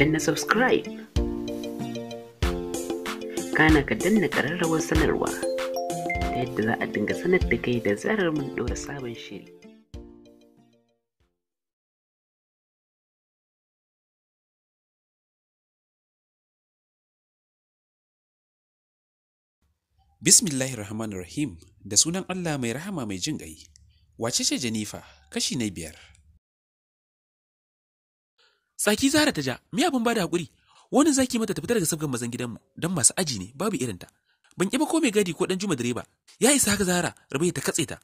danna subscribe kana ka danna ƙararrawar sanarwa ta yadda za a dinga sanar da kai da zarar mun ɗora sabon shiri Bismillahir Rahmanir Rahim da sunan Allah mai rahama mai jin ƙai. Wace ce Janifa? Kashi na biyar. Tsaki zara ta ja, me abin da hakuri? Wani zaki mata ta fita daga sabgan mazan gidanmu don masu aji ne babu irinta. Ban ƙi ba ko mai gadi ko ɗan juma direba. Ya isa haka zara Rabi'u ta katse ta.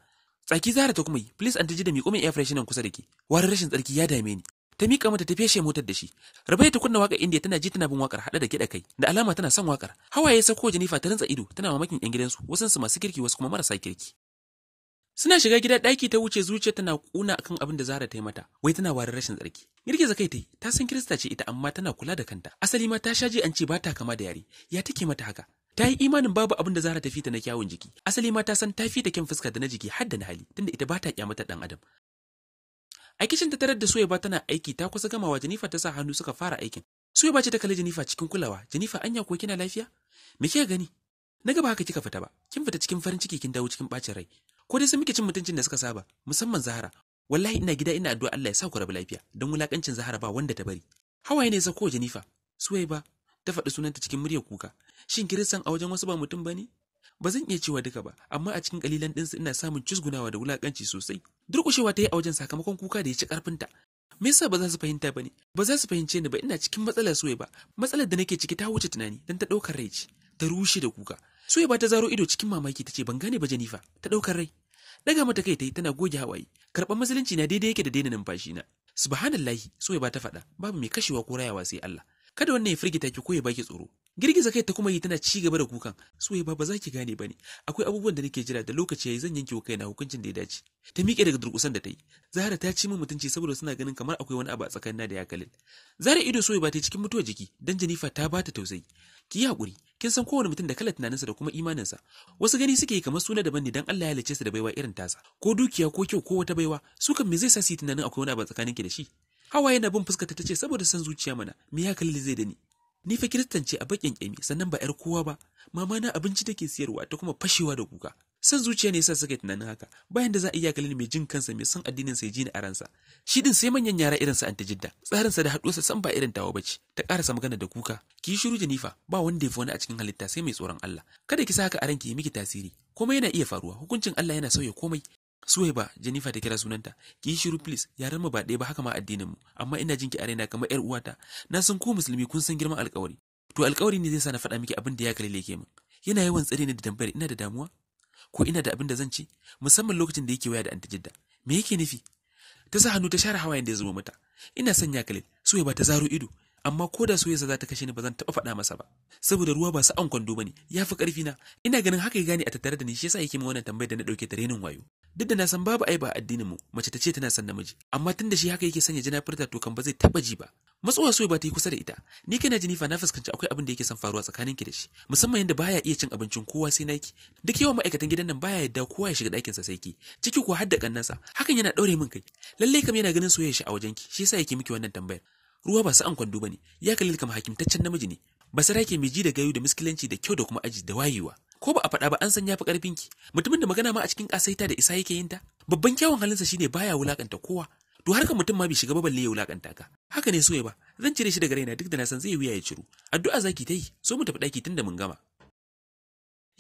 Tsaki zara ta kuma yi, please an ji da miƙo min air kusa da ke. Warin rashin tsarki ya dame ni. Ta miƙa mata ta feshe motar da shi. rabai ta kunna waka Indiya tana ji tana bin waƙar haɗe da kiɗa kai, da alama tana son wakar. Hawaye ya ko Janifa ta rantsa ido tana mamakin 'yan gidansu, wasansu masu kirki wasu kuma marasa kirki. Suna shiga gida ɗaki ta wuce zuciya tana kuna akan abin da Zara ta yi mata, wai tana warin rashin tsarki. Girgiza kai ta ta san Kirista ce ita amma tana kula da kanta. Asali ma ta sha an ce ba ta kama da yare, ya take mata haka. Ta yi imanin babu abin da Zara ta fita na kyawun jiki. Asali ma ta san ta fita kyan fuska da na jiki har da na hali, tunda ita ba ta kyamata ɗan adam. A kishin ta tarar da Suwaiba tana aiki ta kusa gamawa Janifa ta sa hannu suka fara aikin. Suwaiba ce ta kalli Janifa cikin kulawa. Janifa anya ko kina lafiya? Me kika gani? Na gaba haka kika fita ba. Kin fita cikin farin ciki kin dawo cikin bacin rai. ko dai sun muke cin mutuncin da suka saba musamman Zahara wallahi ina gida ina addu'a Allah ya sa ku rabu lafiya don wulakancin Zahara ba wanda ta bari hawaye ne sako Jenifa Suwaiba ta faɗi sunanta cikin muryar kuka shin kiristan a wajen wasu ba mutum bane ba zan iya cewa duka ba amma a cikin kalilan ɗinsu ina samun cizgunawa da wulakanci sosai durƙushewa ta yi a wajen sakamakon kuka da ya ci ƙarfinta me yasa ba za su fahimta ba ne ba za su fahimce ni ba ina cikin matsalar soyayya ba matsalar da nake ciki ta wuce tunani don ta ɗaukar rai ce ta rushe da kuka Suya ba ta zaro ido cikin mamaki ta ce ban gane ba Janifa, ta ɗaukar rai. Daga mata kai ta yi tana goge hawaye, karɓar musulunci na daidai yake da daina numfashi na. Subhanallahi, Suya ba ta faɗa, babu mai kashewa ko rayawa sai Allah. Kada wannan ya firgita ki ko ya baki tsoro. Girgiza kai ta kuma yi tana ci gaba da kukan, Suya ba ba za ki gane ba ne, akwai abubuwan da nake jira da lokaci yayi zan yanke wa kaina hukuncin da ya dace. Ta miƙe daga durƙusan da ta yi, Zahra ta ci min mutunci saboda suna ganin kamar akwai wani abu a tsakanin da ya kalil. zahara ido Suya ba ta cikin mutuwar jiki, dan Janifa ta ba ta tausayi. ki yi hakuri, kin san kowane mutum da kala tunaninsa da kuma imaninsa wasu gani suke yi kamar suna daban ne dan Allah ya halice su da baiwa irin tasa ko dukiya ko kyau ko wata baiwa su kan me zai sa su yi tunanin akwai wani abu tsakaninki da shi hawaye na bin fuskata ta ce saboda san zuciya mana me ya kalli zai da ni ni fa kiristan ce a bakin kyami sannan ba yar kowa ba mama na abinci take siyarwa ta kuma fashewa da kuka san zuciya ne yasa suka yi tunanin haka bayan da za a iya kalin mai jin kansa mai son addinin sai jini a ransa shi din sai manyan yara irinsa an ta jidda tsarinsa da haɗuwarsa san ba irin tawa bace ta ƙarasa magana da kuka ki yi shiru janifa ba wanda ya fi wani a cikin halitta sai mai tsoron Allah kada ki sa haka a ranki ya miki tasiri komai yana iya faruwa hukuncin Allah yana sauya komai ba janifa ta kira sunanta, ki yi shiru please, yaran mu ba ɗaya ba haka ma addinin mu, amma ina jin ki a raina kamar yar uwata. Na san ko musulmi kun san girman alƙawari. To alƙawari ne zai sa na faɗa miki abin da ya kalle ke min. Yana yawan tsare ni da tambayar ina da damuwa? ko ina da abin da zan ci musamman lokacin da yake waya da anti jidda me yake nufi ta sa hannu ta share hawayen da ya zuba mata ina sanya kalil so ya ba ta zaro ido amma ko da soyayya za ta kashe ni ba zan taɓa faɗa masa ba saboda ruwa ba su an kwando bane ya fi ƙarfi na ina ganin haka ya gane a tattare da ni shi yasa yake min wannan tambayar da na ɗauke ta renin wayo duk da na san babu ai ba addinin mu mace ta ce tana son namiji amma tun da shi haka yake sanya jina furta to kan ba zai taba ji ba matsowa so ba ta yi kusa da ita ni jini fa na fuskanci akwai abin da yake son faruwa tsakaninki da shi musamman yadda baya iya cin abincin kowa sai naki duk yawan ma'aikatan gidan nan baya yadda kowa ya shiga ɗakin sa sai ki ciki ko har da kannansa hakan yana daure min kai lalle kam yana ganin soyayya shi a wajenki shi yasa yake miki wannan tambayar ruwa ba su an kwando bane ya kalli kam hakimtaccen namiji ne sarake mai ji da gayu da miskilanci da kyau da kuma aji da wayewa ko ba a faɗa ba an san yafi karfin ki mutumin da magana ma a cikin ƙasaita da isa yake yin ta babban kyawun halinsa shine baya wulakanta kowa to harka mutum ma bai shiga ba balle ya wulakanta ka haka ne soye ba zan cire shi daga raina duk da na san zai wuya ya ciru addu'a zaki ta yi so mu tafi ɗaki tunda mun gama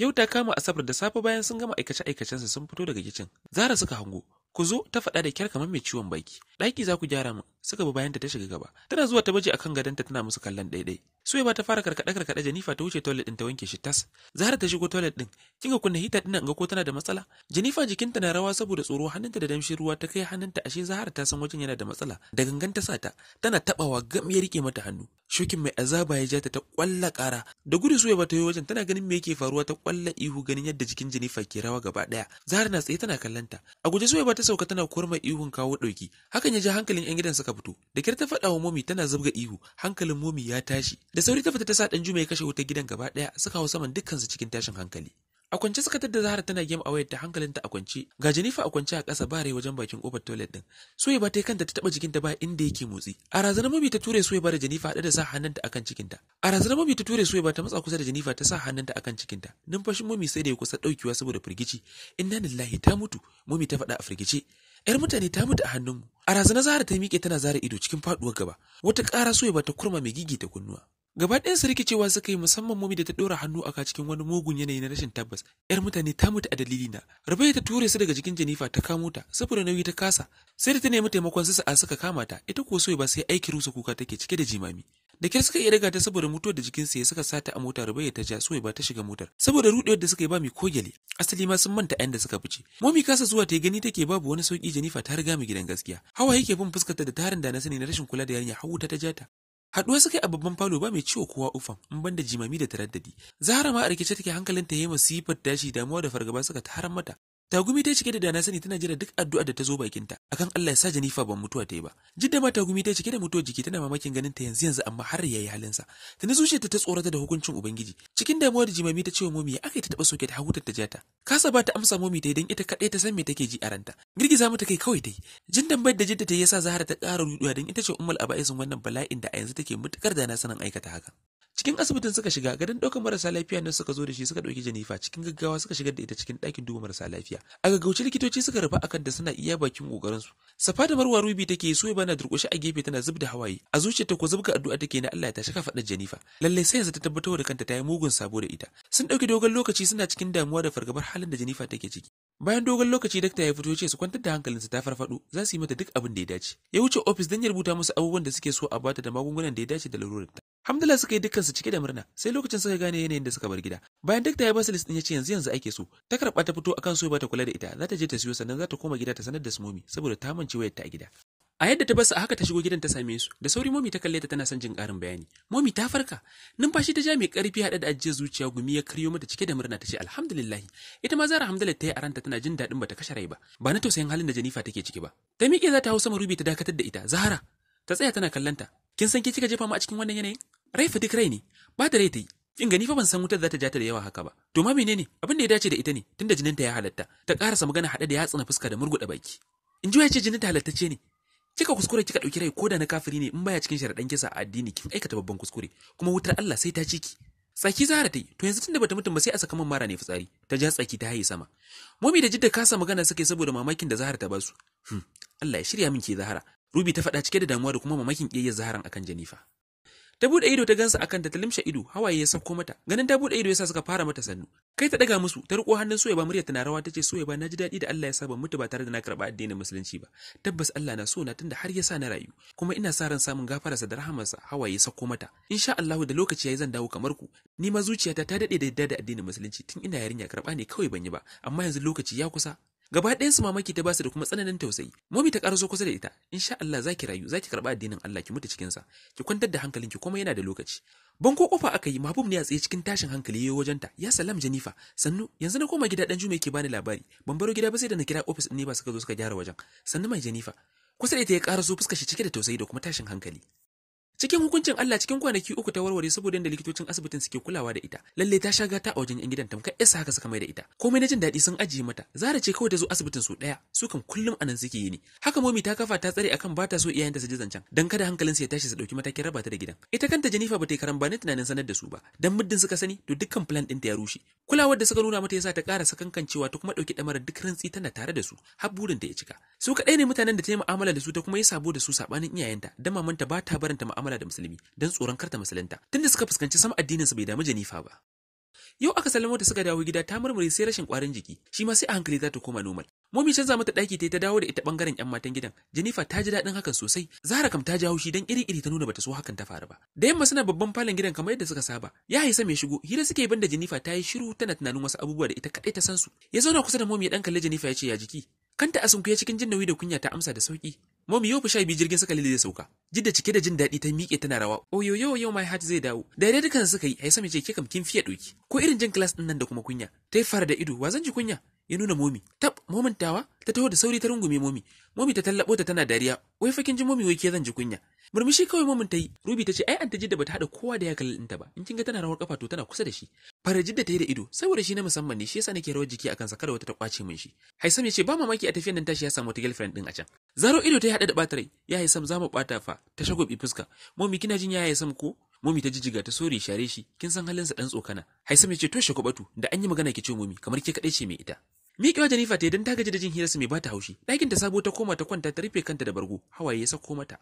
yau ta kama asabar da safe bayan sun gama aikace aikacensa sun fito daga kicin zara suka hango ku zo ta faɗa da kyar kamar mai ciwon baki ɗaki za ku gyara mu suka bi bayan ta shiga gaba tana zuwa ta baje akan gadonta tana musu kallon ɗaiɗai Suwaiba ta fara karkada karkada Jennifer ta wuce toilet ɗin ta wanke shi tas. Zahra ta shigo toilet ɗin, kin ga kunna hita ɗin ga ko tana da matsala? Jennifer jikinta na rawa saboda tsoro hannunta da damshin ruwa ta kai hannunta ashe Zahra ta san wajen yana da matsala. Da gangan ta sata, tana tabawa gam ya rike mata hannu. Shukin mai azaba ya ja ta ta kwalla kara Da gudu Suwaiba ta yi wajen tana ganin me yake faruwa ta kwalla ihu ganin yadda jikin Jennifer ke rawa gaba ɗaya. Zahra na tsaye tana kallanta. A guje Suwaiba ta sauka tana kurma ihun kawo dauki Hakan ya ja hankalin 'yan gidan suka fito. Da kyar ta Momi tana zubga ihu. Hankalin Momi ya tashi. da sauri ta fita ta sa ɗan juma kashe wutar gidan gaba daya suka hau saman dukkan su cikin tashin hankali a kwance suka tadda zahara tana game a wayar ta ta a kwance ga janifa a kwance a ƙasa ba rai wajen bakin kofar toilet din soya ba ta kanta ta taba jikinta ba inda yake motsi a razana mabi ta ture soya ba da janifa haɗe da sa hannunta akan cikinta a razana mabi ta ture soya ba ta matsa kusa da janifa ta sa hannunta akan cikinta numfashin mami sai da ya kusa ɗaukewa saboda firgici inna lillahi ta mutu mami ta faɗa a firgice yar mutane ta mutu a hannunmu a razana zahara ta miƙe tana zara ido cikin faɗuwar gaba wata ƙara soya ba ta kurma mai gigi ta kunnuwa Gaba su rikicewa suka yi musamman momi da ta ɗora hannu a cikin wani mugun yanayi na rashin tabbas. ‘Yar mutane ta mutu a dalili na. Rabaya ta ture su daga jikin Janifa ta kamo ta, saboda nauyi ta kasa. Sai da ta nemi taimakon su sa'a suka kama ta, ita kuwa so ba sai aiki rusa kuka take cike da jimami. Da kyar suka iya daga ta saboda mutuwar da jikinsa ya suka sata a mota Rabaya ta ja soyi ba ta shiga motar. Saboda rudewar da suka yi ba mai kogele, asali ma sun manta ‘yan da suka fice. Momi kasa zuwa ta gani take babu wani sauki Janifa ta riga gidan gaskiya. Hawa yake bin ta da tarin da na sani na rashin kula da yarinya hawu ta ta ja ta. Haɗuwa suka yi a babban falo ba mai ciwo kowa ufan in banda jimami da taraddadi. Zahara ma a rikice take hankalinta yi masifar tashi damuwa da fargaba suka tarar mata Tagumi ta cike da dana sani tana jira duk addu'a da ta zo bakinta akan Allah ya sa Janifa ban mutuwa ta yi ba. Jidda ma tagumi ta cike da mutuwar jiki tana mamakin ganin ta yanzu yanzu amma har yayi sa. Tana zuciyarta ta tsorata da hukuncin Ubangiji. Cikin damuwa da jimami ta ce wa momi ya aka ta taba soke ta ja ta Kasa ba ta amsa momi ta idan ita kadai ta san me take ji a ranta. Girgiza mata kai kawai ta yi. Jin da jidda ta yi yasa Zahara ta ƙara ruɗuwa don ita ce ummul aba'isin wannan bala'in da a yanzu take mutukar dana sanin aikata haka. cikin asibitin suka shiga gadon ɗaukar marasa lafiya nan suka zo da shi suka ɗauki janifa cikin gaggawa suka shigar da ita cikin ɗakin duba marasa lafiya a gaggauce likitoci suka rufa akan da suna iya bakin kokarin su safa da marwa rubi take so bana durƙushe a gefe tana zub da hawaye a zuciyarta ko zubga addu'a take na Allah ya tashi kafaɗar janifa lalle sai yanzu ta tabbatar da kanta ta yi mugun sabo da ita sun ɗauki dogon lokaci suna cikin damuwa da fargabar halin da janifa take ciki bayan dogon lokaci dakta ya fito ce su kwantar da hankalinsu ta farfado za su yi mata duk abin da ya dace ya wuce ofis don ya rubuta musu abubuwan da suke so a bata da magungunan da ya dace da lalurarta Hamdulillah suka yi su cike da murna sai lokacin suka gane yanayin da suka bar gida. Bayan duk da ya basu list ya ce yanzu yanzu ake so. Ta karɓa ta fito akan so ba ta kula da ita za ta je ta siyo sannan za ta koma gida ta sanar da su momi saboda ta mance wayar ta a gida. A yadda ta basu a haka ta shigo gidan ta same su da sauri momi ta kalle ta tana son jin ƙarin bayani. Momi ta farka numfashi ta ja mai ƙarfi haɗe da ajiyar zuciya gumi ya karyo mata cike da murna ta ce alhamdulillah. Ita ma Zara alhamdulillah ta yi a ranta tana jin daɗin ta kashe rai ba ba na tausayin halin da Janifa take ciki ba. Ta miƙe za ta hau sama Rubi ta dakatar da ita Zahara ta tsaya tana kallanta kin san ke kika jefa mu a cikin wannan yanayin rai duk rai ne ba da rai ta yi in gani fa ban san wutar za ta ja ta da yawa haka ba to ma menene abin da ya dace da ita ne tunda jininta ya halatta ta karasa magana hada da yatsuna fuska da murguda baki in ji ya ce jininta halattace ne kika kuskure kika dauki rai koda na kafiri ne in baya cikin sharadan kisa a addini kin aikata babban kuskure kuma wutar Allah sai ta ci ki tsaki zahara ta yi to yanzu tunda bata mutum ba sai a saka man mara ne fitsari ta ja tsaki ta haye sama momi da jidda kasa magana suke saboda mamakin da zahara ta basu hmm. Allah ya shirya min ke zahara rubi ta faɗa cike da damuwa da kuma mamakin kiyayyar zaharan akan janifa ta buɗe ido ta gansa akan ta limshe ido hawaye ya sauko mata ganin ta buɗe ido yasa suka fara mata sannu kai ta daga musu ta riko hannun ba murya tana rawa tace suya na ji daɗi da Allah ya sa mutu ba tare da na karɓa addinin musulunci ba tabbas Allah na so na tunda har ya sa na rayu kuma ina sa ran samun gafararsa da sa hawaye sauko mata insha Allah da lokaci yayi zan dawo kamar ku ni ma zuciyata ta dade da yadda da addinin musulunci tun ina yarinya karɓa ne kawai ban yi ba amma yanzu lokaci ya kusa gaba ɗayan su mamaki ta basu da kuma tsananin tausayi mami ta ƙaraso kusa da ita insha Allah zaki rayu zaki karɓa addinin Allah ki mutu cikin sa ki kwantar da hankalinki kuma yana da lokaci banko kofa aka yi mahbub ne a tsaye cikin tashin hankali yayin wajen ta ya salam janifa sannu yanzu na koma gida dan jume ke bani labari ban baro gida ba sai da na kira office ne ba suka zo suka gyara wajen sannu mai janifa kusa da ita ya ƙaraso fuskar shi cike da tausayi da kuma tashin hankali cikin hukuncin Allah cikin kwanaki uku ta warware saboda da likitocin asibitin suke kulawa da ita lalle ta shaga ta a wajen yan gidan tamkar yasa haka suka mai da ita komai na jin daɗi sun ajiye mata zara ce kawai ta zo asibitin su ɗaya su kan kullum nan suke yi ne haka momi ta kafa ta tsare akan bata ta so iyayenta su ji zancen dan kada su ya tashi su ɗauki matakin raba ta da gidan ita kanta Jenifa ba ta yi karan ba tunanin sanar da su ba dan muddin suka sani to dukkan plan ta ya rushe kulawar da suka nuna mata yasa ta ƙara sakankancewa ta kuma ɗauki ɗamarar duk rantsi tana tare da su har burin ta ya cika su kaɗai ne mutanen da ta yi mu'amala da su ta kuma yi sabo da su saɓanin iyayenta dan mamanta ba ta barinta mu'amala mu'amala da musulmi don tsoron karta musulunta da suka fuskanci sama addinin su bai damu Janifa ba yau aka sallamo ta suka dawo gida ta murmure sai rashin kwarin jiki shi ma sai a hankali za ta koma normal momi canza mata ɗaki ta ta dawo da ita bangaren yan matan gidan Janifa ta ji daɗin hakan sosai zahra kam ta ji haushi dan iri iri ta nuna bata so hakan ta faru ba da yamma suna babban falon gidan kamar yadda suka saba ya haisa mai shigo hira suke yi banda Janifa ta yi shiru tana tunanin wasu abubuwa da ita kaɗai ta san su ya zauna kusa da momi ya dan kalli ya ce ya jiki kanta a cikin jin nauyi da kunya ta amsa da sauki Mom yau fa biyu jirgin suka lili sauka. Jidda cike da jin daɗi ta miƙe tana rawa. Oyo oh, yo yau my heart zai dawo. Da dai dukan suka yi, Haisam ya ce ke kin fiye doki. Ko irin jin class ɗin nan da kuma kunya. Ta fara da ido, wa zan ji kunya? ya nuna momi tab momantawa ta taho da sauri ta rungume momi momi ta tallabo ta tana dariya wai fakin ji momi wai ke zan ji kunya murmushi kawai momin ta yi rubi ta ce ai an ta jidda bata hada kowa da ya kalli ta ba in kin tana rawar kafa to tana kusa da shi fara da ta yi da ido saboda shi na musamman ne shi yasa nake rawar jiki akan sa kada wata ta kwace min shi haisam ya ce ba mamaki a tafiyan nan tashi ya samu wata girlfriend din a can zaro ido ta yi hada da batarai ya haisam za mu bata fa ta shagobi fuska momi kina jin ya haisam ko Mumi ta jijjiga ta sore share shi, kin san halin sa dan tsokana. Haisam ya ce to batu da an yi magana ki ce Mumi, kamar ke kadai ce mai ita. Miƙewa Jennifer ta yi don ta gaji da jin hirarsa mai bata haushi. Ɗakin ta sabo ta koma ta kwanta ta rufe kanta da bargo, hawaye ya sako mata.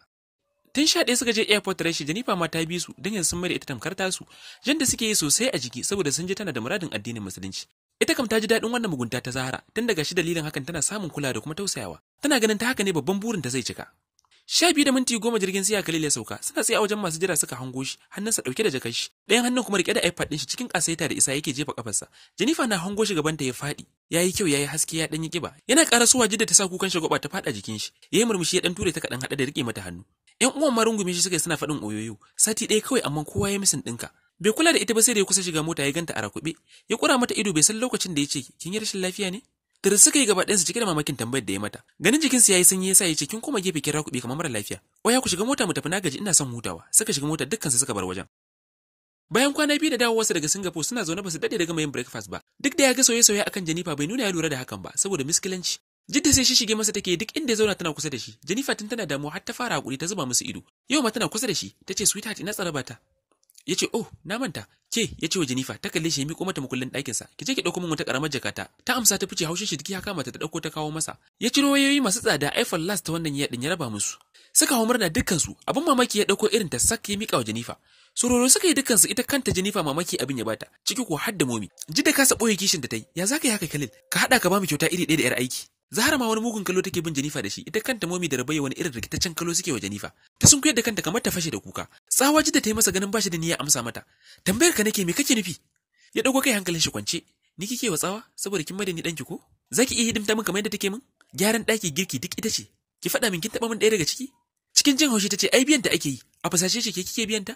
Tun sha ɗaya suka je airport rashi Jennifer ma ta bi su don yanzu sun mai da ita tamkar tasu. Jan da suke yi sosai a jiki saboda sun ji tana da muradin addinin musulunci. Ita kam ta ji daɗin wannan mugunta ta Zahara tun daga shi dalilin hakan tana samun kula da kuma tausayawa. Tana ganin ta haka ne babban burin ta zai cika. Sha biyu da minti goma jirgin siya Kalil ya sauka, suna tsaye a wajen masu jira suka hango shi, hannunsa ɗauke da jakar shi, ɗayan hannun kuma riƙe da iPad ɗin shi cikin ƙasaita da isa yake jefa ƙafarsa. Jenifa na hango shi gaban ta ya faɗi, ya yi kyau ya yi haske ya ɗanyi ƙiba, yana ƙara suwa jidda ta sa kukan shi gwaba ta faɗa jikin shi, ya yi murmushi ya ɗan ture ta kaɗan haɗa da riƙe mata hannu. ‘Yan uwan ma rungume shi suka suna faɗin oyoyo, sati ɗaya kawai amma kowa ya misin ɗinka. Bai kula da ita ba sai da ya kusa shiga mota ya ganta a rakuɓe, ya ƙura mata ido bai san lokacin da ya ce kin yi rashin lafiya ne? Tare suka yi gaba su cike da mamakin tambayar da ya mata. Ganin jikinsu ya yi sanyi yasa ya ce kin koma gefe kira kuɓe kamar mara lafiya. Oya ku shiga mota mu tafi na gaji ina son hutawa. Suka shiga mota dukkansu suka bar wajen. Bayan kwana biyu da dawowarsa daga Singapore suna zaune ba su daɗe daga mayin breakfast ba. Duk da ya ga sauye-sauye akan Janifa bai nuna ya lura da hakan ba saboda miskilanci. Jidda sai shi shige masa take duk inda ya zauna tana kusa da shi. Janifa tun tana damuwa har ta fara hakuri ta zuba musu ido. Yau ma tana kusa da shi, ta ce sweetheart ina tsaraba bata. ya ce oh na manta ke ya ce wa jenifa ta kalle shi ya miƙo mata makullin ɗakinsa ki je ki ɗauko min wata ƙaramar jakata ta amsa ta fice haushin shi ya kama ta ɗauko ta kawo masa ya ciro wayoyi masu tsada iphone last ta wannan yaɗin ya raba musu suka hau murna dukkansu abin mamaki ya ɗauko irin ta sak ya miƙa wa jenifa sororo suka yi dukkansu ita kanta jenifa mamaki abin ya bata ciki ko har da momi ji da kasa ɓoye kishin da ta yi ya za ka yi haka kalil ka haɗa ka ba mu kyauta iri ɗaya da 'yar aiki Zahara ma wani mugun kallo take bin Janifa da shi, ita kanta momi da Rabai wani irin rikitaccen kallo suke wa Janifa. Ta sun da kanta kamar ta fashe da kuka. Tsawa da ta yi masa ganin bashi da niyya amsa mata. Tambayar ka nake me kake nufi? Ya dago kai hankalin shi kwance. Ni kike wa tsawa saboda kin madani danki ko? Zaki iya hidimta min kamar yadda take min? Gyaran daki girki duk ita ce. Ki faɗa min kin taɓa min ɗaya daga ciki? Cikin jin haushi tace ai biyan ta ake yi. A fasashe ce ke kike biyan ta?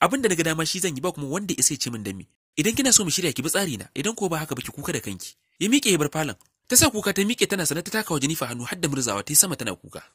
Abin da na dama shi zan yi ba kuma wanda ya sai ce min dami. Idan kina so mu shirya ki bi tsari na, idan ko ba haka ba ki kuka da kanki. Ya miƙe ya bar falon, ta sa kuka ta miƙe tana sanar ta taka wa Jennifer hannu hadda murzawa ta yi sama tana kuka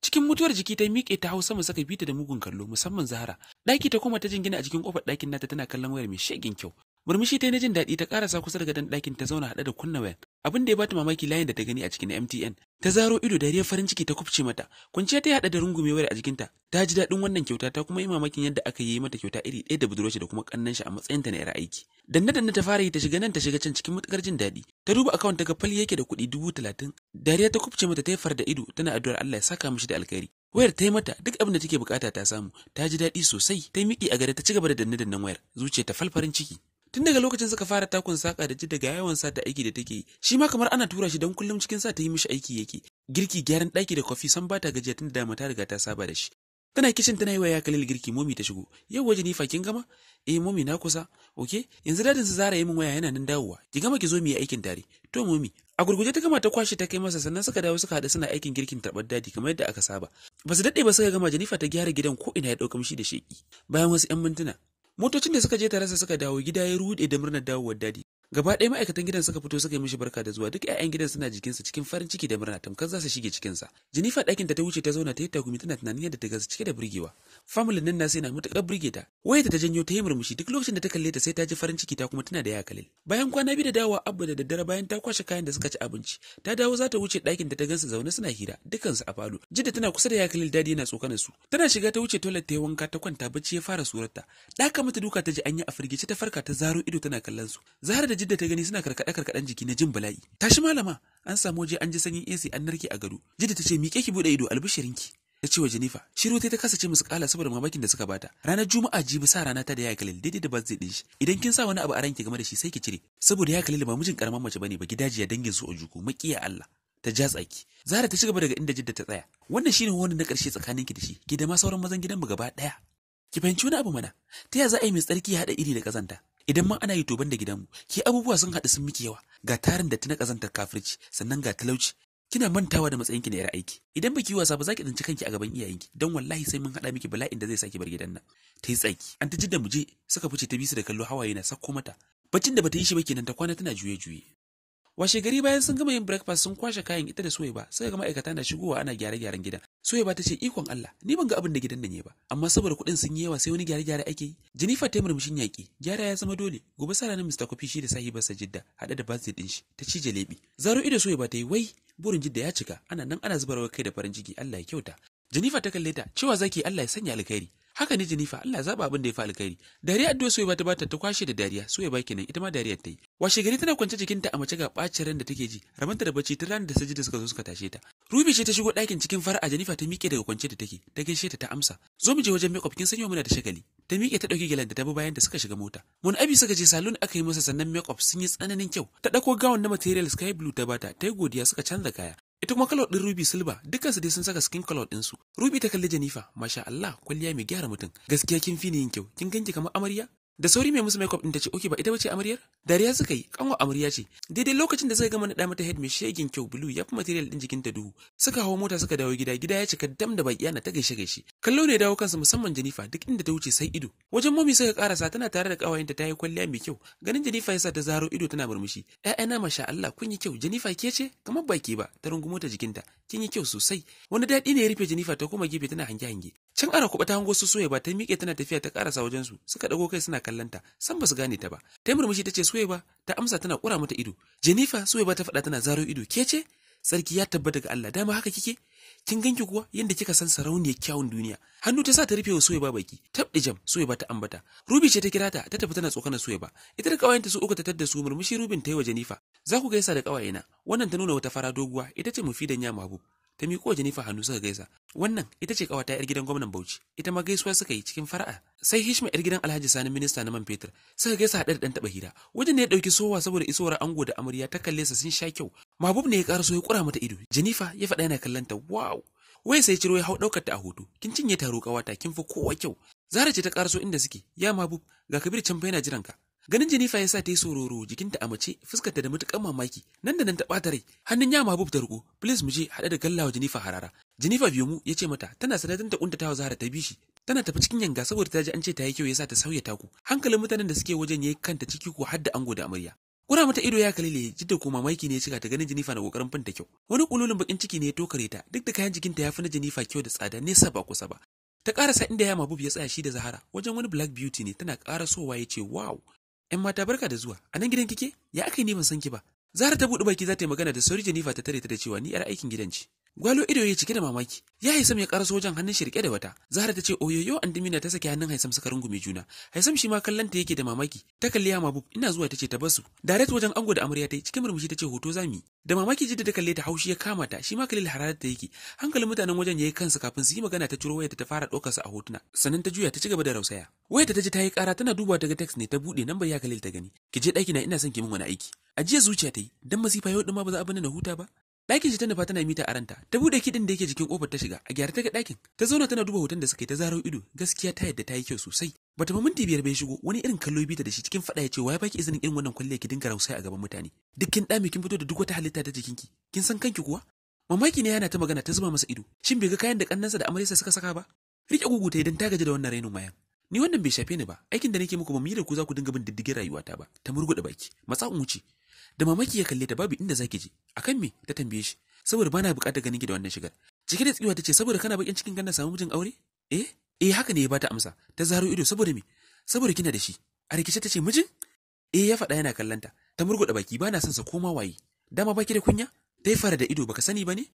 cikin mutuwar jiki ta miƙe ta hau sama saka bita da mugun kallo musamman Zahara ɗaki ta koma ta jingina a cikin kofar ɗakin nata tana kallon wayar mai shegin kyau murmushi ta yi na jin daɗi ta sa kusa da gadon ɗakin ta zauna haɗe da kunna wayar. abin da ya bata mamaki layin da ta gani a cikin MTN ta zaro ido dariyar farin ciki ta kubce mata kwanciya ta yi haɗa da wayar a jikinta ta ji daɗin wannan kyauta ta kuma yi mamakin yadda aka yi mata kyauta iri ɗaya da budurwarsa da kuma shi a matsayinta na 'yar aiki danne danne ta fara yi ta shiga nan ta shiga can cikin matukar jin daɗi ta duba akawun ta ga fali yake da kuɗi dubu talatin dariya ta kubce mata ta yi da ido tana addu'ar Allah ya saka mishi da alkhairi wayar ta yi mata duk abin da take bukata ta samu ta ji daɗi sosai ta yi miƙi a gare ta ci gaba da danne dannen wayar zuciya ta falfarin ciki tun daga lokacin suka fara takun saka da ji daga yawan sa ta aiki da take yi shi ma kamar ana tura shi don kullum cikin sa ta yi mishi aiki yake girki gyaran ɗaki da kwafi san bata gajiya tun da dama ta riga ta saba da shi tana kicin tana yi wa ya kalil girki momi ta shigo yau waje ni kin gama eh momi na kusa okay yanzu dadin su zara yi min waya yana nan dawowa ki gama ki zo mu yi aikin tare to momi a gurguje ta gama ta kwashe ta kai masa sannan suka dawo suka hada suna aikin girkin tarbar dadi kamar yadda aka saba ba su daɗe ba suka gama janifa ta gyara gidan ko ina ya dauka mishi da sheƙi bayan wasu 'yan mintuna motocin da suka je tare sa suka dawo gida ya rude da murnar dawowar dadi gaba ɗaya ma'aikatan gidan suka fito suka yi mishi barka da zuwa duk 'ya'yan gidan suna jikinsa cikin farin ciki da murna tamkar za su shige cikinsa jenifa ɗakin ta ta wuce ta zauna ta yi takumi tana tunanin yadda ta gasa cike da burgewa familin nan nasu yana matuƙar burge ta wayarta ta janyo ta yi murmushi duk lokacin da ta kalle ta sai ta ji farin ciki ta kuma tana da ya kalil bayan kwana biyu da dawowa abba da daddare bayan ta kwashe kayan da suka ci abinci ta dawo za ta wuce ɗakin da ta gansa zaune suna hira dukansu a falo jidda tana kusa da ya kalil dadi yana tsokana su tana shiga ta wuce toilet ta yi wanka ta kwanta bacci ya fara surarta ɗaka mata duka ta ji an yi a firgice ta farka ta zaro ido tana kallon su zahar da jidda ta gani suna karkaɗe karkaɗen jiki na jin bala'i tashi malama an samu waje an ji sanyin AC an narke a gado jidda ta ce miƙe ki buɗe ido albishirinki ta ce wa Jennifer shiru ta kasa ce musu kala saboda mamakin da suka bata ranar juma'a jibi sa rana ta da ya kalil daidai da bazai din shi idan kin sa wani abu a ranki game da shi sai ki cire saboda ya kalil ba mijin karaman mace bane ba gidajiya dangin su ojuku makiya Allah ta ja tsaki Zara ta ci gaba daga inda Jidda ta tsaya wannan shine wani na karshe ki da shi ki da ma sauran mazan mu gaba daya ki fahimci wani abu mana ta ya za a yi mai tsarki ya haɗa iri da kazanta idan ma ana yi to da gidanmu ki abubuwa sun haɗu sun miki yawa ga tarin da tuna kazantar kafirci sannan ga talauci kina mantawa da matsayinki na yar aiki idan baki wasa ba za ki tsinci kanki a gaban iyayenki don wallahi sai mun haɗa miki bala'in da zai saki bar gidan nan ta yi tsaki an ta ji jidda muje suka fice ta bisu da kallo hawaye na sakko mata baccin da bata yi shi ba kenan ta kwana tana juye juye washe gari bayan sun gama yin breakfast sun kwashe kayan ita da soyeba suka ga ma'aikata na shigowa ana gyare-gyaren gidan soyeba ta ce ikon Allah ni ban ga abin da gidan nan ne ba amma saboda kuɗin sun yi yawa sai wani gyare-gyare ake yi Jennifer ta murmushin yaki. gyara ya zama dole gobe sa ranar Mr. Kofi shi da sahibar sa Jidda haɗe da birthday din shi ta ci jalebi zaro ido soyeba ta yi wai burin Jidda ya cika ana nan ana zubarwa kai da farin ciki Allah ya kyauta Jennifer ta kalle ta cewa zaki Allah ya sanya alkhairi haka ne jinifa Allah zaba abin da ya fi alkhairi dariya addu'a soyayya ta bata ta kwashe da dariya soyayya ba kenan ita ma dariyar ta yi washe gari tana kwance jikinta a mace ga bacin ran da take ji ramanta da bacci tun ranar da sajida suka zo suka tashe ta rubi ce ta shigo ɗakin cikin fara a jenifa ta miƙe daga kwance da take ta gaishe ta ta amsa zo mu je wajen makeup kin sanyo muna da shagali ta miƙe ta ɗauki gyalen da ta bi bayan da suka shiga mota. Mun abi suka je salon aka yi masa sannan makeup sun yi tsananin kyau. Ta ɗauko gawon na material sky blue ta bata ta yi godiya suka canza kaya. Ita kuma kalot ɗin Ruby Silva dukansu dai sun saka skin din su Ruby ta kalli Janifa, masha Allah, kwalliya mai gyara mutum. Gaskiya kin fi ni yin kyau, kin ganki kamar amarya? da sauri mai musu makeup din ta ce okay ba ita bace amaryar dariya suka yi kanwa amarya ce daidai lokacin da suka gama nada mata head mai shegin kyau blue ya fi material din jikin ta duhu suka hawo mota suka dawo gida gida ya cika dam da baki ana ta gaishe gaishe kallo ne dawo kansa musamman Jennifer duk inda ta wuce sai ido wajen mommy suka karasa tana tare da kawayenta ta yi kwalliya mai kyau ganin Jennifer ya sa ta zaro ido tana murmushi ƴaƴana masha Allah kun yi kyau Jennifer ke ce kamar baki ba ta rungumo ta jikinta kin yi kyau sosai wani daɗi ne ya rufe Jennifer ta koma gefe tana hange hange Can ara kuɓa ta hango su soye ba ta miƙe tana tafiya ta ƙarasa wajensu suka ɗago kai suna kallanta san ba su gane ta ba. Ta murmushi ta ce soye ba ta amsa tana ƙura mata ido. jenifa soye ba ta faɗa tana zaro ido ke ce? Sarki ya tabbata ga Allah dama haka kike? Kin ganki kuwa yadda kika san sarauniyar kyawun duniya. Hannu ta sa ta rufe wa soye ba baki tabɗi jam soye ba ta ambata. Rubi ce ta kira ta ta tafi tana tsokanar soye ba. Ita da ƙawayenta su uku ta tadda su murmushi Rubin ta yi wa jenifa Za ku gaisa da ƙawayena wannan ta nuna wata fara doguwa ita ce mufidan ya mahbub. ta miƙo Jennifer hannu suka gaisa. Wannan ita ce ƙawata 'yar gidan gwamnan Bauchi, ita ma gaisuwa suka yi cikin fara'a. Sai Hishma 'yar gidan Alhaji Sani minista na man fetur suka gaisa haɗe da ɗan taɓa hira. Wajen da ya ɗauki sowa saboda isowar ango da amarya ta kalle sa sun sha kyau. Mahbub ne ya ƙara so ya ƙura mata ido. jenifa ya faɗa yana kallon ta wow. Wai sai ciro ya hau ɗaukar ta a hoto. Kin cinye taro kawata kin fi kowa kyau. Zara ce ta ƙara so inda suke. Ya Mahbub ga Kabir can fa yana jiranka. Ganin jenifa ya sa ta yi sororo jikinta a mace fuskarta da matukan mamaki nan da nan ta ɓata rai hannun ya mahabub da riko please mu je haɗe da gallawa jenifa harara. biyu mu ya ce mata tana sanadin ta kuntatawa Zahra ta bi shi tana tafi cikin yanga saboda ta ji an ce ta yi kyau ya sa ta sauya taku hankalin mutanen da suke wajen yi kanta ciki ko har da ango da amarya Kura mata ido ya kalile jidda ko mamaki ne ya cika ta ganin Jenifa na kokarin fanta kyau. Wani kululin bakin ciki ne ya tokare ta duk da kayan jikinta ya fi na Jenifa kyau da tsada nesa ba kusa ba. Ta karasa inda ya mabub ya tsaya shi da Zahara wajen wani Black Beauty ne tana karasowa ya ce wow 'yan mata barka da zuwa a nan gidan kike ya aka yi ni ban san ki ba Zahra ta buɗe baki za ta yi magana da sauri jenifa ta tare ta da cewa ni yar aikin gidan ce Gwalo ido ya cike da mamaki. Ya Haisam ya karaso wajen hannun shi da wata. Zahra ta ce oyoyo dimina ta sake hannun Haisam suka rungume juna. Haisam shi ma kallanta yake da mamaki. Ta kalli ya mabuk ina zuwa ta ce ta basu. Direct wajen ango da amarya ta yi cikin murmushi ta ce hoto zami. Da mamaki jidda ta kalle ta haushi ya kama ta shi ma kalli hararar ta yake. Hankalin mutanen wajen ya yi kansa kafin su yi magana ta ciro wayarta ta fara ɗaukar a hotuna. Sannan ta juya ta ci gaba da rausaya. Wayarta ta ji ta yi ƙara tana duba daga text ne ta buɗe lambar ya kalil ta gani. Ki je ɗaki na ina son ki min wani aiki. ajiya zuciya ta yi dan masifa yau ma ba za a bani na huta ba Ɗakin shi ta nufa tana mita a ranta ta buɗe kiɗin da yake jikin ƙofar ta shiga, a gyara ta ga ɗakin. Ta zauna tana duba hoton da suka yi ta zaro ido, gaskiya ta yadda ta yi kyau sosai. Bata ba minti biyar bai shigo, wani irin kallo bita da shi cikin faɗa ya ce wa ya baki izinin irin wannan kwalliya ki dinga rausaya a gaban mutane. Duk kin ɗame kin fito da duk wata halitta ta jikinki, kin san kanki kuwa? Mamaki ne yana ta magana ta zuba masa ido, shin bai ga kayan da ƙannansa da amaryarsa suka saka ba? Riƙe gugu ta idan ta gaji da wannan rainin mayan. Ni wannan bai shafe ni ba, aikin da nake muku ba mu yi da ku za ku dinga bin diddigin rayuwata ba, ta murguɗa baki, matsa'un wuce, da mamaki ya kalle ta babu inda zaki je akan me ta tambaye shi saboda bana buƙatar ganin ki da wannan shigar cike da tsiwa tace saboda kana bakin cikin ganna samu mijin aure eh eh haka ne ya bata amsa ta zaro ido saboda me saboda kina da shi a rikice tace mijin eh ya faɗa yana kallanta ta murguda baki bana son sa koma waye dama baki da kunya ta yi fara da ido baka sani bane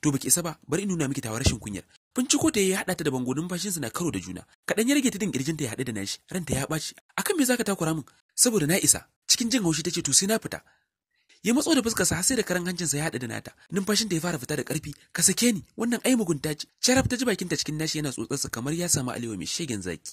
to baki isa ba bari in nuna miki tawa rashin kunyar binciko ta ya haɗa ta da bangonin fashin na karo da juna kaɗan ya rage ta din kirjinta ya haɗu da nashi ranta ya ɓaci akan me zaka takura min saboda na isa cikin jin haushi tace to sai na fita ya matso da fuskarsa har sai da karan hancinsa ya haɗa da nata numfashin da ya fara fita da ƙarfi ka sake ni wannan ai mugunta ce sharaf ta ji bakinta cikin nashi yana tsotsarsa kamar ya samu alewa mai shegen zaki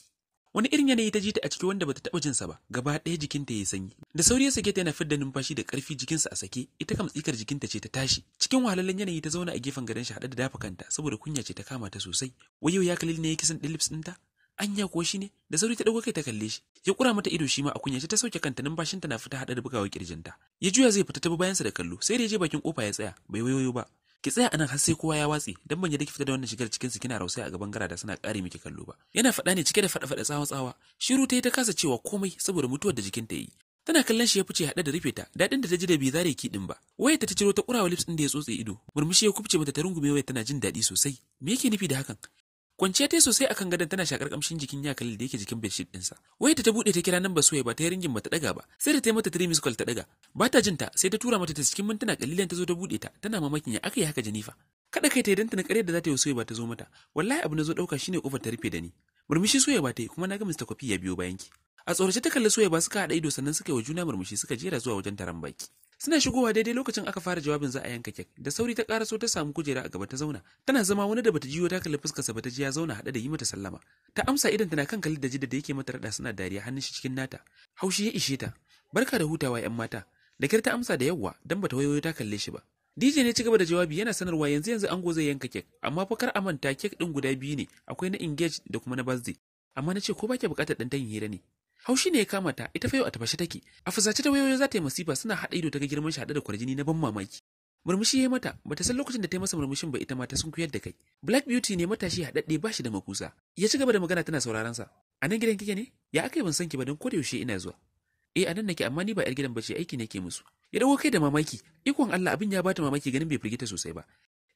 wani irin yanayi ta ji ta a cikin wanda bata taɓa jinsa ba gaba ɗaya jikinta ya sanyi da sauri ya sake ta yana fidda numfashi da ƙarfi jikinsa a sake ita kam tsikar jikinta ce ta tashi cikin wahalallen yanayi ta zauna a gefen gadon shi haɗe da dafa kanta saboda kunya ce ta kama ta sosai wayo ya kalil ne ya kisan ɗin lips ɗinta anya ko shi ne da sauri ta dago kai ta kalle shi ya kura mata ido shi ma a kunya ta sauke kanta ta na fita hada da bugawa kirjinta ya juya zai fita ta bi sa da kallo sai da ya je bakin kofa ya tsaya bai wayoyo ba ki tsaya anan har sai kowa ya watse dan ban yadda ki fita da wannan shigar cikin su kina rausaya a gaban garada suna kare miki kallo ba yana fada ne cike da fada faɗa tsawa tsawa shiru ta yi ta kasa cewa komai saboda mutuwar da jikinta yi tana kallon shi ya fice hada da rufe ta daɗin da ta ji da bai zare ki din ba waye ta ta ciro ta kurawa lips din da ya tsotse ido murmushi ya kubce mata ta rungume wayar tana jin daɗi sosai me yake nufi da hakan kwanciya ta sosai akan gadon tana shakar kamshin jikin ya kalli da yake jikin bedsheet ɗinsa wai ta bude ta kira nan ba ba ta ringin bata daga ba sai da ta yi mata three miss ta daga ba ta jin ta sai ta tura mata ta cikin mintuna kalilan ta zo ta bude ta tana mamakin ya aka yi haka Janifa kada kai ta yi danta na ƙaryar da za ta yi soya ba ta zo mata wallahi abu na zo ɗauka shine kofar ta rufe da ni murmushi soya ba ta yi kuma na ga mista Kofi ya biyo bayan ki a tsorace ta kalli soya ba suka haɗa ido sannan suka yi wa juna murmushi suka jera zuwa wajen taron baki Suna shigowa daidai lokacin aka fara jawabin za a yanka kek, da sauri ta ƙaraso ta samu kujera a gaba ta zauna. Tana zama wani da bata jiyo ta kalli fuskarsa bata ji ya zauna hada da yi mata sallama. Ta amsa idan tana kan kalli da jidda da yake mata raɗa suna dariya hannun shi cikin nata. Haushi ya ishe ta. Barka da hutawa 'yan mata. Da kyar ta amsa da yawwa dan bata wayoyo ta kalle shi ba. DJ ne cigaba da jawabi yana sanarwa yanzu yanzu ango zai yanka kek, amma fa kar a kek din guda biyu ne, akwai na engage da kuma na birthday. Amma na ko ba ke bukatar dan tayin hira ne, haushi ne ya kama ta ita fa yau a tafashe take a fusace ta wayoyin za ta yi masifa suna haɗa ido ta girman shi da kwarjini na ban mamaki murmushi ya mata bata san lokacin da ta yi masa murmushin ba ita ma ta kuyar da kai black beauty ne matashi haɗaɗɗe ba shi da makusa ya ci gaba da magana tana sauraron sa a nan gidan kike ne ya aka yi ban san ki ba don koda yaushe ina zuwa e a nan nake amma ni ba yar gidan ba ce aiki nake musu ya dawo kai da mamaki ikon Allah abin ya bata mamaki ganin bai firgita sosai ba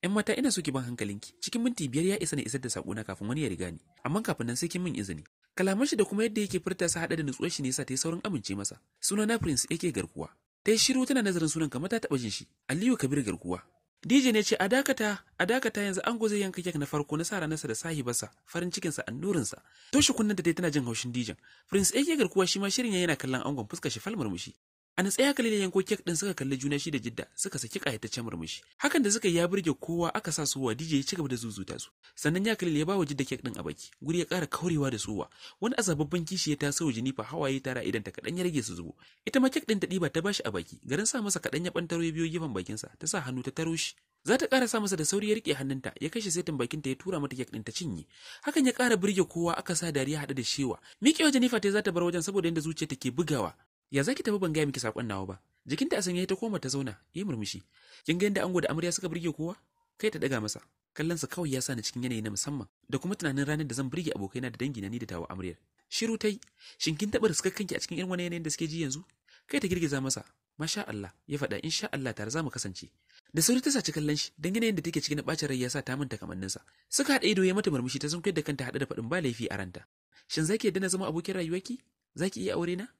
yan mata ina so ki ban hankalinki cikin minti biyar ya isa na isar da sakona kafin wani ya riga ni amma kafin nan sai kin min izini kalaman shi da kuma yadda yake furta sa hada da nutsuwar shi ne yasa ta yi saurin amince masa suna na prince yake garkuwa ta yi shiru tana nazarin sunan kamar ta taba jin shi aliyu kabir garkuwa DJ ne ce a dakata a dakata yanzu ango zai yanka kek na farko na sa ranarsa da sahibarsa farin cikinsa nurinsa toshe kunnen da dai tana jin haushin dijan prince yake garkuwa shi ma shirin yana kallon angon fuskar shi falmar mushi A na tsaya kalilin yanko kek ɗin suka kalli juna shi da jidda suka saki ƙayataccen murmushi. Hakan da suka yi ya burge kowa aka sa su wa DJ ya ci gaba da zuzuta su. Sannan ya kalil ya ba jidda kek ɗin a baki. Guri ya ƙara kaurewa da suwa. Wani azababban kishi ya taso wa jinifa hawaye tara idan ta kaɗan ya rage su zubo. Ita ma kek ɗin ta ɗiba ta bashi a baki. Garin sa masa kaɗan ya ɓantaro ya biyo gefen bakinsa ta sa hannu ta taro shi. Za ta ƙara sa masa da sauri ya riƙe hannunta ya kashe setin bakinta ya tura mata kek ɗin ta cinye. Hakan ya ƙara burge kowa aka sa dariya haɗe da shewa. Miƙewa jinifa ta za ta bar wajen saboda yadda zuciya take bugawa. ya zaki tafi ban gaya miki sakon nawa ba jikinta a sanya ta koma ta zauna yi murmushi kin ga yadda ango da amarya suka burge kowa kai ta daga masa kallon sa kawai ya sa ni cikin yanayi na musamman da kuma tunanin ranar da zan burge abokaina da dangi na ni da tawo amarya. shiru tai shin kin taba riskar kanki a cikin irin wani yanayin da suke ji yanzu kai ta girgiza masa masha Allah ya faɗa insha Allah tare za mu kasance da sauri ta saci kallon shi dan yanayin da take cikin bacin rai ya sa ta manta kamannin sa suka haɗa ido ya mata murmushi ta sunkuyar da kanta haɗe da faɗin ba laifi a ranta shin zaki yadda na zama abokin rayuwarki zaki iya aure na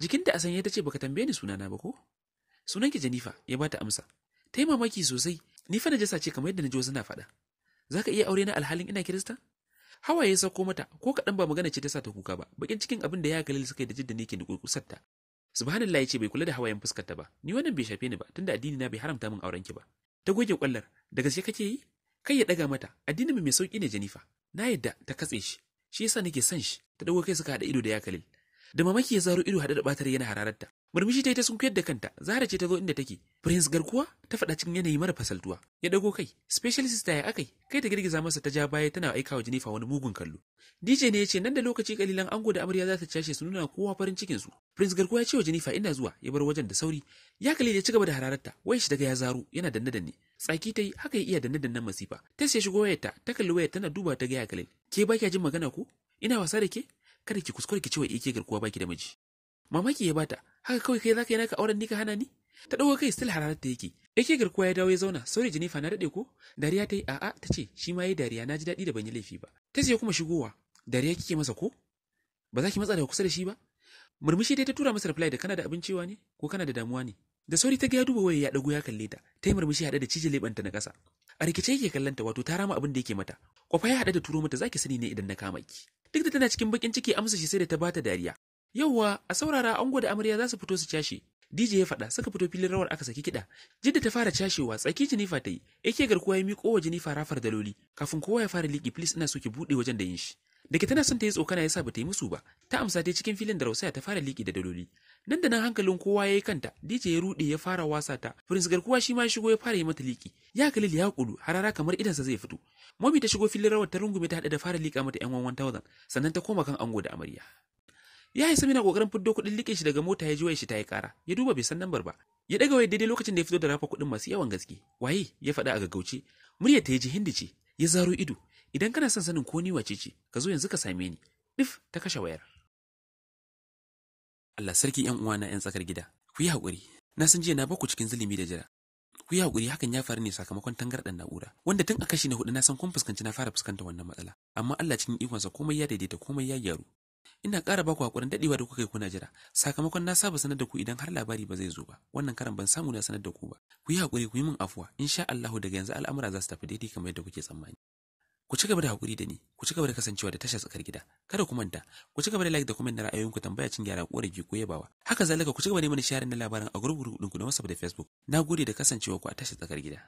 jikin Jikinta a sanya ta ce baka tambaye ni sunana ba ko? Sunanki Janifa ya bata amsa. Ta yi mamaki sosai, ni fa jasa ce kamar yadda na ji wasu na faɗa. Za ka iya aure na alhalin ina Kirista? Hawa ya sauko mata, ko kaɗan ba magana ce ta sa ta kuka ba, bakin cikin abin da ya Galil suka yi da jidda ne ke da ta. Subhanallah ya ce bai kula da hawayen fuskar ta ba, ni wannan bai shafe ni ba, tunda addini na bai haramta min auren ki ba. Ta goge kwallar, da gaske kake yi? Kai ya daga mata, addinin mai sauki ne Janifa. Na yadda ta katse shi, shi yasa nake son shi, ta dago kai suka hada ido da ya kalil da mamaki ya zaro ido hada da batar yana hararta murmushi ta yi ta sunkuyar da kanta zahara ce ta zo inda take prince garkuwa ta faɗa cikin yanayi mara fasaltuwa ya dago kai special sister ya akai kai ta girgiza masa ta ja baya tana aika wa jenifa wani mugun kallo dj ne ya ce nan da lokaci kalilan ango da amarya za ta cashe su nuna kowa farin cikin su prince garkuwa ya ce wa jenifa ina zuwa ya bar wajen da sauri ya kalli ya ci gaba da hararta wai shi daga ya zaro yana danne danne tsaki ta yi haka ya iya danne dannen masifa ta ya shigo wayarta ta kalli wayar tana duba ta ga ya kalli ke ba jin magana ko ina wasa da ke kada ki kuskure ki ce wa eh ke garkuwa baki da miji mamaki ya bata haka kawai kai zaka yi naka auren ni ka hana ni ta dawo kai still hararar ta yake yake eh garkuwa ya dawo ya zauna sorry Jennifer na dade ko dariya ta yi a'a ta ce shi ma yi dariya na ji daɗi da ban yi laifi ba ta ce kuma shigowa dariya kike masa ko ba za ki matsa daga kusa da shi ba murmushi dai ta tura masa reply da kana da abin cewa ne ko kana da damuwa ne da sauri ta ga ya duba waya ya dago ya kalle ta ta yi murmushi haɗe da cije leɓanta na ƙasa a rikice yake kallon wato ta rama abin da yake mata kwafa ya haɗe da turo mata zaki sani ne idan na kama ki duk da tana cikin bakin ciki amsa shi sai da ta bata dariya yauwa a saurara ango da amarya za su fito su cashe DJ ya faɗa suka fito filin rawar aka saki kiɗa. Jidda ta fara cashewa tsaki Jinifa ta yi, yake garkuwa ya miƙo wa Jinifa rafar daloli, kafin kowa ya fara liƙi please ina so ki buɗe wajen da yin shi. Da ke tana son ta yi tsokana ya sa ba ta yi musu ba, ta amsa ta cikin filin da Rausaya ta fara liƙi da daloli. nan da nan hankalin kowa ya yi kanta dj ya rude ya fara wasa ta prince garkuwa shi ma shigo ya fara yi mata liki ya kalili ya kulu harara kamar idansa zai fito momi ta shigo filin rawar ta rungume ta hada da fara lika mata yan wanwan tawazan sannan ta koma kan ango da amarya ya yi samina kokarin fiddo kuɗin liƙe shi daga mota ya ji shi ta yi kara ya duba bai san lambar ba ya daga waya daidai lokacin da ya fito da rafa kuɗin masu yawan gaske waye ya faɗa a gaggauce murya ta ji hindi ce ya zaro ido idan kana son sanin ko ni wace ce ka zo yanzu ka same ni dif ta kashe wayar Allah sarki ƴan uwana ƴan tsakar gida. Ku yi haƙuri. Na san jiya na baku cikin zulumi da jira. Ku yi haƙuri hakan ya faru ne sakamakon tangarɗar na'ura. Wanda tun a kashi na hudu na san kun fuskanci na fara fuskanta wannan matsala. Amma Allah cikin ikonsa komai ya daidaita komai ya gyaru. Ina ƙara baku haƙurin daɗewa da kuka yi kuna jira. Sakamakon na saba sanar da ku idan har labari ba zai zo ba. Wannan karan ban samu na sanar da ku ba. Ku yi haƙuri ku yi min afuwa. Insha Allahu daga yanzu al'amura za su tafi daidai kamar yadda kuke tsammani. Ku ci gaba da hakuri da ni, ku ci gaba da kasancewa da tashar tsakar gida. Kada ku manta, ku ci gaba da like da comment na ra'ayoyinku tambaya cin gyara ko rage ko yabawa. Haka zalika ku ci gaba da mana share na labarin a gurbin ku na WhatsApp da Facebook. Nagode da kasancewa ku a tashar tsakar gida.